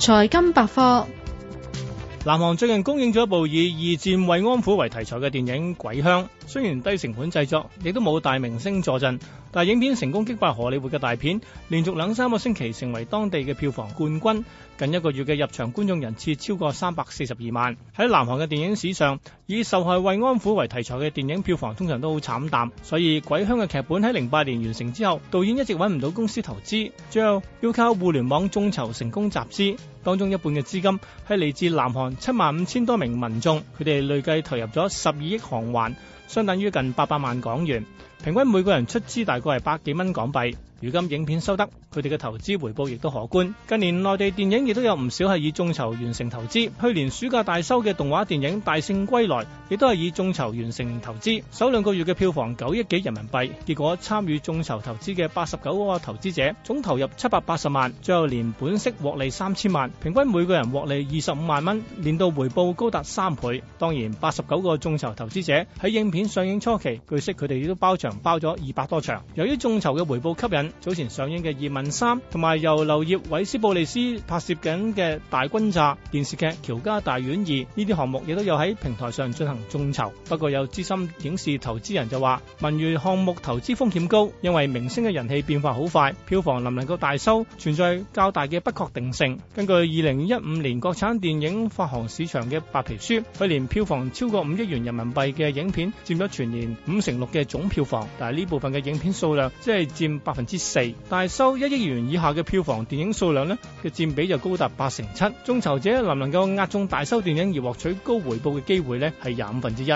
財金百科。南韓最近公映咗一部以二戰慰安婦為題材嘅電影《鬼鄉》，雖然低成本製作，亦都冇大明星助陣。嗱，但影片成功擊敗荷里活嘅大片，連續兩三個星期成為當地嘅票房冠軍。近一個月嘅入場觀眾人次超過三百四十二萬。喺南韓嘅電影史上，以受害慰安婦為題材嘅電影票房通常都好慘淡，所以《鬼鄉》嘅劇本喺零八年完成之後，導演一直揾唔到公司投資，最後要靠互聯網眾籌成功集資，當中一半嘅資金係嚟自南韓七萬五千多名民眾，佢哋累計投入咗十二億韓圜，相等於近八百萬港元。平均每個人出資大概係百幾蚊港幣。如今影片收得，佢哋嘅投資回報亦都可觀。近年內地電影亦都有唔少係以眾籌完成投資。去年暑假大收嘅動畫電影《大聖歸來》亦都係以眾籌完成投資。首兩個月嘅票房九億幾人民幣，結果參與眾籌投資嘅八十九個投資者總投入七百八十萬，最後連本息獲利三千萬，平均每個人獲利二十五萬蚊，年度回報高達三倍。當然，八十九個眾籌投資者喺影片上映初期，據悉佢哋亦都包場包咗二百多場。由於眾籌嘅回報吸引，早前上映嘅《葉問三》同埋由劉燁、韋斯·布利斯拍攝緊嘅《大轟炸》電視劇《喬家大院二》呢啲項目亦都有喺平台上進行眾籌。不過有資深影視投資人就話，文娛項目投資風險高，因為明星嘅人氣變化好快，票房能唔能夠大收，存在較大嘅不確定性。根據二零一五年國產電影發行市場嘅白皮書，去年票房超過五億元人民幣嘅影片佔咗全年五成六嘅總票房，但係呢部分嘅影片數量即係佔百分之。四大收一億元以下嘅票房電影數量呢，嘅佔比就高達八成七，眾籌者能唔能夠押中大收電影而獲取高回報嘅機會呢？係廿五分之一。